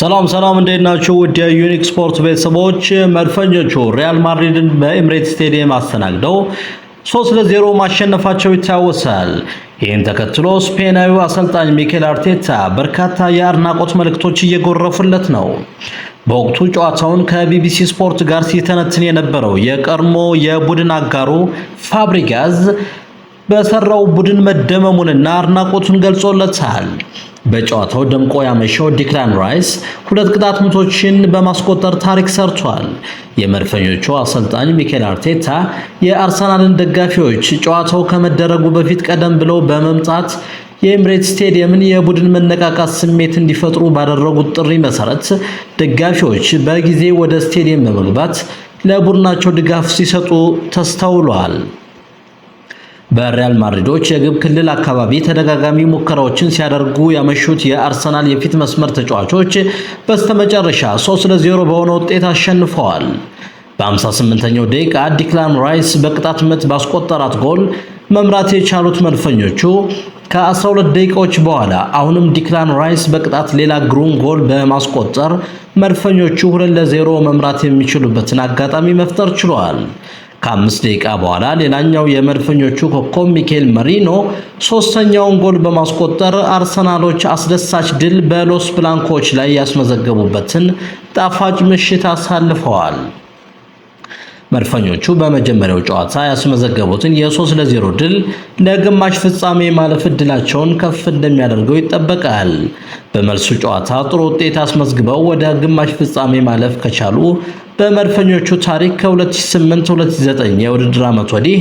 ሰላም ሰላም እንዴት ናችሁ? ውድ የዩኒክ ስፖርት ቤተሰቦች መድፈኞቹ ሪያል ማድሪድን በኤምሬት ስቴዲየም አስተናግደው 3 ለዜሮ ማሸነፋቸው ይታወሳል። ይህን ተከትሎ ስፔናዊው አሰልጣኝ ሚኬል አርቴታ በርካታ የአድናቆት መልእክቶች እየጎረፉለት ነው። በወቅቱ ጨዋታውን ከቢቢሲ ስፖርት ጋር ሲተነትን የነበረው የቀድሞ የቡድን አጋሩ ፋብሪጋዝ በሰራው ቡድን መደመሙንና አድናቆቱን ገልጾለታል። በጨዋታው ደምቆ ያመሸው ዲክላን ራይስ ሁለት ቅጣት ምቶችን በማስቆጠር ታሪክ ሰርቷል። የመድፈኞቹ አሰልጣኝ ሚኬል አርቴታ የአርሰናልን ደጋፊዎች ጨዋታው ከመደረጉ በፊት ቀደም ብለው በመምጣት የኤምሬት ስቴዲየምን የቡድን መነቃቃት ስሜት እንዲፈጥሩ ባደረጉት ጥሪ መሰረት ደጋፊዎች በጊዜ ወደ ስቴዲየም በመግባት ለቡድናቸው ድጋፍ ሲሰጡ ተስተውሏል። በሪያል ማድሪዶች የግብ ክልል አካባቢ ተደጋጋሚ ሙከራዎችን ሲያደርጉ ያመሹት የአርሰናል የፊት መስመር ተጫዋቾች በስተመጨረሻ 3 ለ0 በሆነ ውጤት አሸንፈዋል። በ58ኛው ደቂቃ ዲክላን ራይስ በቅጣት ምት ባስቆጠራት ጎል መምራት የቻሉት መድፈኞቹ ከ12 ደቂቃዎች በኋላ አሁንም ዲክላን ራይስ በቅጣት ሌላ ግሩም ጎል በማስቆጠር መድፈኞቹ 2 ለ0 መምራት የሚችሉበትን አጋጣሚ መፍጠር ችለዋል። ከአምስት ደቂቃ በኋላ ሌላኛው የመድፈኞቹ ኮከብ ሚኬል መሪኖ ሶስተኛውን ጎል በማስቆጠር አርሰናሎች አስደሳች ድል በሎስ ብላንኮች ላይ ያስመዘገቡበትን ጣፋጭ ምሽት አሳልፈዋል። መድፈኞቹ በመጀመሪያው ጨዋታ ያስመዘገቡትን የ3 0 ድል ለግማሽ ፍጻሜ ማለፍ እድላቸውን ከፍ እንደሚያደርገው ይጠበቃል። በመልሱ ጨዋታ ጥሩ ውጤት አስመዝግበው ወደ ግማሽ ፍጻሜ ማለፍ ከቻሉ በመድፈኞቹ ታሪክ ከ2008-2009 የውድድር ዓመት ወዲህ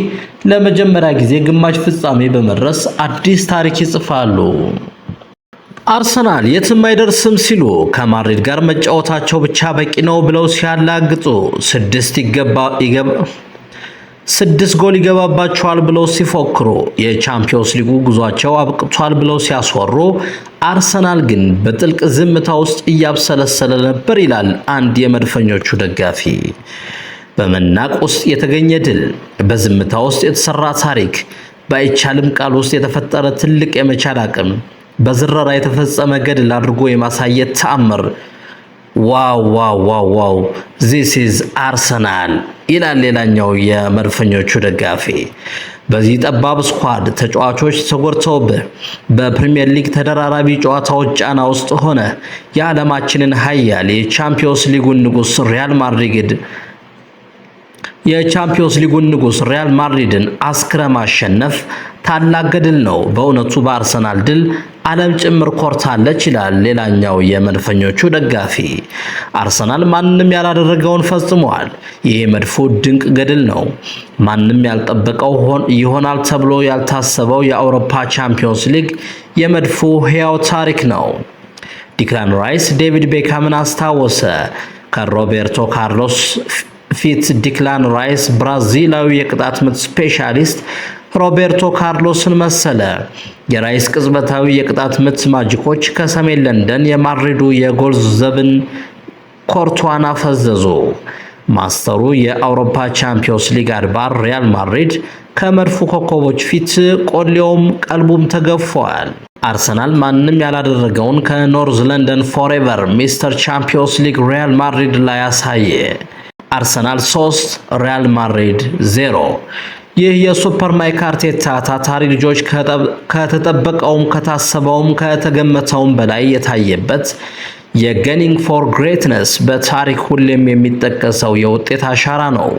ለመጀመሪያ ጊዜ ግማሽ ፍጻሜ በመድረስ አዲስ ታሪክ ይጽፋሉ። አርሰናል የትም አይደርስም ሲሉ ከማድሪድ ጋር መጫወታቸው ብቻ በቂ ነው ብለው ሲያላግጡ ስድስት ይገባ ይገባ ስድስት ጎል ይገባባቸዋል ብለው ሲፎክሩ የቻምፒዮንስ ሊጉ ጉዟቸው አብቅቷል ብለው ሲያስወሩ አርሰናል ግን በጥልቅ ዝምታ ውስጥ እያብሰለሰለ ነበር ይላል አንድ የመድፈኞቹ ደጋፊ። በመናቅ ውስጥ የተገኘ ድል፣ በዝምታ ውስጥ የተሰራ ታሪክ፣ ባይቻልም ቃል ውስጥ የተፈጠረ ትልቅ የመቻል አቅም በዝረራ የተፈጸመ ገድል አድርጎ የማሳየት ተአምር። ዋው ዋው ዋው ዋው ዚስ ኢዝ አርሰናል ይላል ሌላኛው የመድፈኞቹ ደጋፊ። በዚህ ጠባብ ስኳድ ተጫዋቾች ተጎድተውብህ በፕሪሚየር ሊግ ተደራራቢ ጨዋታዎች ጫና ውስጥ ሆነ የዓለማችንን ኃያል የቻምፒዮንስ ሊጉን ንጉስ ሪያል ማድሪድ የቻምፒዮንስ ሊጉን ንጉስ ሪያል ማድሪድን አስክረ ማሸነፍ ታላቅ ገድል ነው። በእውነቱ በአርሰናል ድል ዓለም ጭምር ኮርታለች ይላል ሌላኛው የመድፈኞቹ ደጋፊ። አርሰናል ማንም ያላደረገውን ፈጽሟል። ይህ መድፎ ድንቅ ገድል ነው። ማንም ያልጠበቀው ይሆናል ተብሎ ያልታሰበው የአውሮፓ ቻምፒዮንስ ሊግ የመድፎ ሕያው ታሪክ ነው። ዲክላን ራይስ ዴቪድ ቤካምን አስታወሰ። ከሮቤርቶ ካርሎስ ፊት ዲክላን ራይስ ብራዚላዊ የቅጣት ምት ስፔሻሊስት ሮቤርቶ ካርሎስን መሰለ። የራይስ ቅጽበታዊ የቅጣት ምት ማጂኮች ከሰሜን ለንደን የማድሪዱ የጎል ዘብን ኮርቷን አፈዘዙ። ማስተሩ የአውሮፓ ቻምፒዮንስ ሊግ አድባር ሪያል ማድሪድ ከመድፉ ኮከቦች ፊት ቆሌውም ቀልቡም ተገፏል። አርሰናል ማንም ያላደረገውን ከኖርዝ ለንደን ፎሬቨር ሚስተር ቻምፒዮንስ ሊግ ሪያል ማድሪድ ላይ አሳየ። አርሰናል 3 ሪያል ማድሪድ 0። ይህ የሱፐር ማይክ አርቴታ ታታሪ ልጆች ከተጠበቀውም ከታሰበውም ከተገመተውም በላይ የታየበት የገኒንግ ፎር ግሬትነስ በታሪክ ሁሌም የሚጠቀሰው የውጤት አሻራ ነው።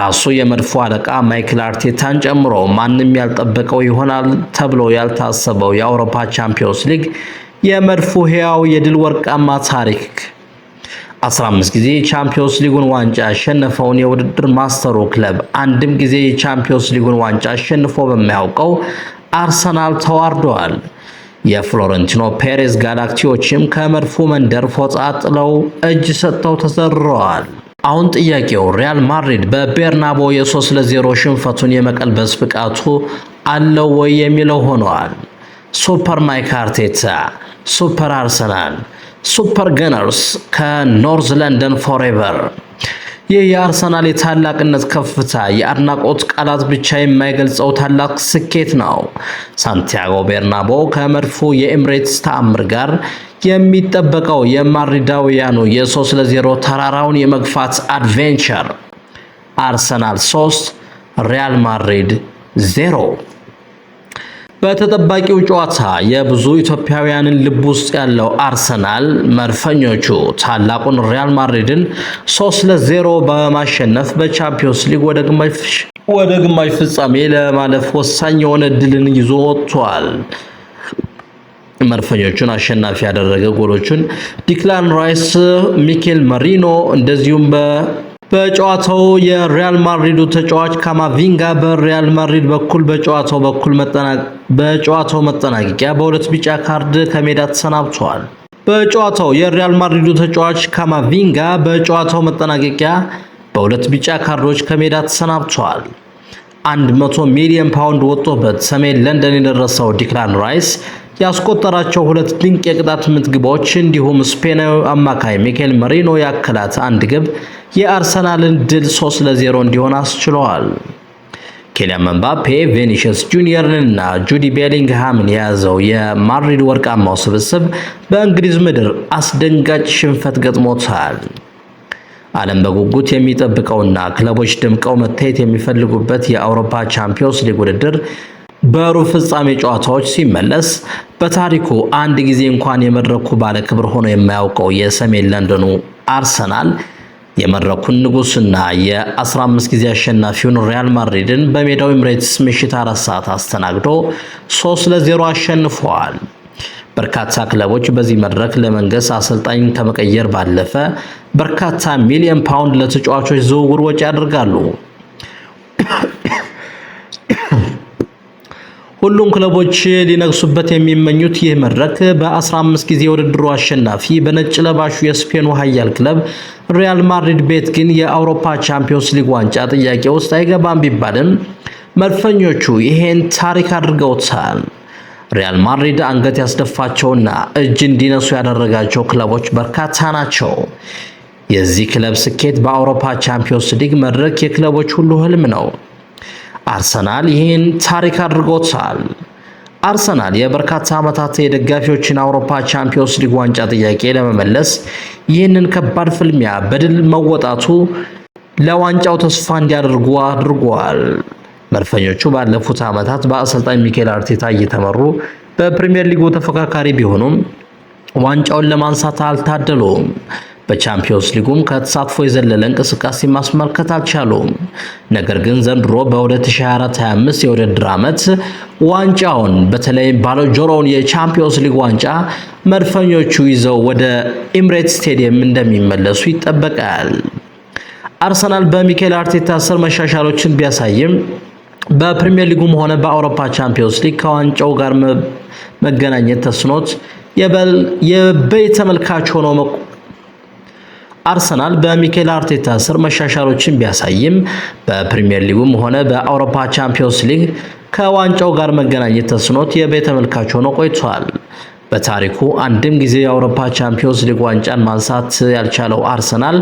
ራሱ የመድፎ አለቃ ማይክል አርቴታን ጨምሮ ማንም ያልጠበቀው ይሆናል ተብሎ ያልታሰበው የአውሮፓ ቻምፒዮንስ ሊግ የመድፎ ሕያው የድል ወርቃማ ታሪክ 15 ጊዜ የቻምፒዮንስ ሊጉን ዋንጫ ያሸነፈውን የውድድር ማስተሩ ክለብ አንድም ጊዜ የቻምፒዮንስ ሊጉን ዋንጫ አሸንፎ በማያውቀው አርሰናል ተዋርደዋል። የፍሎረንቲኖ ፔሬዝ ጋላክቲዎችም ከመድፉ መንደር ፎጣ ጥለው እጅ ሰጥተው ተዘርረዋል። አሁን ጥያቄው ሪያል ማድሪድ በቤርናቦ የ3 ለ0 ሽንፈቱን የመቀልበስ ብቃቱ አለው ወይ የሚለው ሆነዋል። ሱፐር ማይክ አርቴታ ሱፐር አርሰናል ሱፐር ገነርስ ከኖርዝ ለንደን ፎሬቨር ይህ የአርሰናል የታላቅነት ከፍታ የአድናቆት ቃላት ብቻ የማይገልጸው ታላቅ ስኬት ነው። ሳንቲያጎ ቤርናቦ ከመድፎ የኤምሬትስ ተአምር ጋር የሚጠበቀው የማድሪዳውያኑ የ3 ለ0 ተራራውን የመግፋት አድቬንቸር። አርሰናል 3 ሪያል ማድሪድ 0 በተጠባቂው ጨዋታ የብዙ ኢትዮጵያውያንን ልብ ውስጥ ያለው አርሰናል መድፈኞቹ ታላቁን ሪያል ማድሪድን 3 ለ0 በማሸነፍ በቻምፒዮንስ ሊግ ወደ ግማሽ ወደ ግማሽ ፍጻሜ ለማለፍ ወሳኝ የሆነ ድልን ይዞ ወጥቷል። መድፈኞቹን አሸናፊ ያደረገ ጎሎቹን ዲክላን ራይስ፣ ሚኬል መሪኖ እንደዚሁም በ በጨዋታው የሪያል ማድሪዱ ተጫዋች ካማቪንጋ በሪያል ማድሪድ በኩል በጨዋታው በኩል በጨዋታው መጠናቀቂያ በሁለት ቢጫ ካርድ ከሜዳ ተሰናብቷል። በጨዋታው የሪያል ማድሪዱ ተጫዋች ካማቪንጋ በጨዋታው መጠናቀቂያ በሁለት ቢጫ ካርዶች ከሜዳ ተሰናብቷል። 100 ሚሊዮን ፓውንድ ወጥቶበት ሰሜን ለንደን የደረሰው ዲክላን ራይስ ያስቆጠራቸው ሁለት ድንቅ የቅጣት ምት ግቦች እንዲሁም ስፔናዊ አማካይ ሚኬል መሪኖ ያከላት አንድ ግብ የአርሰናልን ድል 3 ለ0 እንዲሆን አስችለዋል። ኬሊያን መምባፔ፣ ቬኒሽስ እና ጁዲ ቤሊንግሃምን የያዘው የማድሪድ ወርቃማው ስብስብ በእንግሊዝ ምድር አስደንጋጭ ሽንፈት ገጥሞታል። ዓለም በጉጉት የሚጠብቀውና ክለቦች ደምቀው መታየት የሚፈልጉበት የአውሮፓ ቻምፒዮንስ ሊግ ውድድር በሩብ ፍጻሜ ጨዋታዎች ሲመለስ በታሪኩ አንድ ጊዜ እንኳን የመድረኩ ባለክብር ሆኖ የማያውቀው የሰሜን ለንደኑ አርሰናል የመድረኩን ንጉስና የ15 ጊዜ አሸናፊውን ሪያል ማድሪድን በሜዳው ኤምሬትስ ምሽት አራት ሰዓት አስተናግዶ 3 ለ0 አሸንፈዋል። በርካታ ክለቦች በዚህ መድረክ ለመንገስ አሰልጣኝ ከመቀየር ባለፈ በርካታ ሚሊዮን ፓውንድ ለተጫዋቾች ዝውውር ወጪ ያደርጋሉ። ሁሉም ክለቦች ሊነግሱበት የሚመኙት ይህ መድረክ በ15 ጊዜ ውድድሩ አሸናፊ በነጭ ለባሹ የስፔኑ ኃያል ክለብ ሪያል ማድሪድ ቤት ግን የአውሮፓ ቻምፒዮንስ ሊግ ዋንጫ ጥያቄ ውስጥ አይገባም ቢባልም መድፈኞቹ ይሄን ታሪክ አድርገውታል። ሪያል ማድሪድ አንገት ያስደፋቸውና እጅ እንዲነሱ ያደረጋቸው ክለቦች በርካታ ናቸው። የዚህ ክለብ ስኬት በአውሮፓ ቻምፒዮንስ ሊግ መድረክ የክለቦች ሁሉ ህልም ነው። አርሰናል ይህን ታሪክ አድርጎታል። አርሰናል የበርካታ ዓመታት የደጋፊዎችን አውሮፓ ቻምፒዮንስ ሊግ ዋንጫ ጥያቄ ለመመለስ ይህንን ከባድ ፍልሚያ በድል መወጣቱ ለዋንጫው ተስፋ እንዲያደርጉ አድርጓል። መድፈኞቹ ባለፉት ዓመታት በአሰልጣኝ ሚካኤል አርቴታ እየተመሩ በፕሪሚየር ሊጉ ተፎካካሪ ቢሆኑም ዋንጫውን ለማንሳት አልታደሉም። በቻምፒዮንስ ሊጉም ከተሳትፎ የዘለለ እንቅስቃሴ ማስመልከት አልቻሉም። ነገር ግን ዘንድሮ በ2024/25 የውድድር ዓመት ዋንጫውን በተለይም ባለጆሮውን የቻምፒዮንስ ሊግ ዋንጫ መድፈኞቹ ይዘው ወደ ኢምሬት ስቴዲየም እንደሚመለሱ ይጠበቃል። አርሰናል በሚካኤል አርቴታ ስር መሻሻሎችን ቢያሳይም በፕሪሚየር ሊጉም ሆነ በአውሮፓ ቻምፒዮንስ ሊግ ከዋንጫው ጋር መገናኘት ተስኖት የበይ ተመልካች ሆኖ አርሰናል በሚኬል አርቴታ ስር መሻሻሎችን ቢያሳይም በፕሪሚየር ሊጉም ሆነ በአውሮፓ ቻምፒዮንስ ሊግ ከዋንጫው ጋር መገናኘት ተስኖት የቤት ሆኖ ቆይቷል። በታሪኩ አንድም ጊዜ የአውሮፓ ቻምፒዮንስ ሊግ ዋንጫን ማንሳት ያልቻለው አርሰናል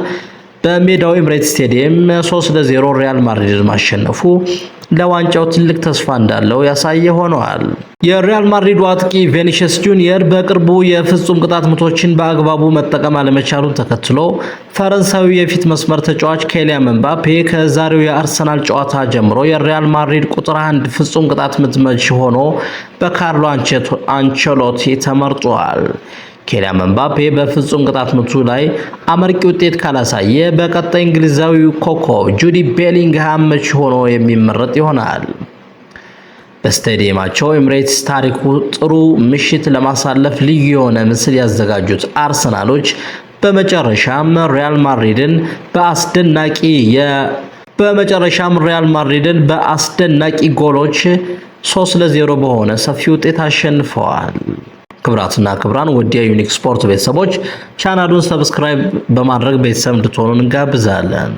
በሜዳው ኤምሬት ስቴዲየም 3 ለ0 ሪያል ማድሪድ ማሸነፉ ለዋንጫው ትልቅ ተስፋ እንዳለው ያሳየ ሆነዋል። የሪያል ማድሪዱ አጥቂ ቬኒሽስ ጁኒየር በቅርቡ የፍጹም ቅጣት ምቶችን በአግባቡ መጠቀም አለመቻሉን ተከትሎ ፈረንሳዊ የፊት መስመር ተጫዋች ኬሊያን መንባፔ ከዛሬው የአርሰናል ጨዋታ ጀምሮ የሪያል ማድሪድ ቁጥር አንድ ፍጹም ቅጣት ምት መቺ ሆኖ በካርሎ አንቸሎቲ ተመርጧል። ኬሊያን መምባፔ በፍጹም ቅጣት ምቱ ላይ አመርቂ ውጤት ካላሳየ በቀጣይ እንግሊዛዊ ኮከብ ጁዲ ቤሊንግሃም መች ሆኖ የሚመረጥ ይሆናል። በስታዲየማቸው ኤምሬትስ ታሪኩ ጥሩ ምሽት ለማሳለፍ ልዩ የሆነ ምስል ያዘጋጁት አርሰናሎች በመጨረሻም ሪያል ማድሪድን በአስደናቂ የ በመጨረሻም ሪያል ማድሪድን በአስደናቂ ጎሎች 3 ለ0 በሆነ ሰፊ ውጤት አሸንፈዋል። ክብራትና ክብራን ወዲያ ዩኒክ ስፖርት ቤተሰቦች ቻናሉን ሰብስክራይብ በማድረግ ቤተሰብ እንድትሆኑ እንጋብዛለን።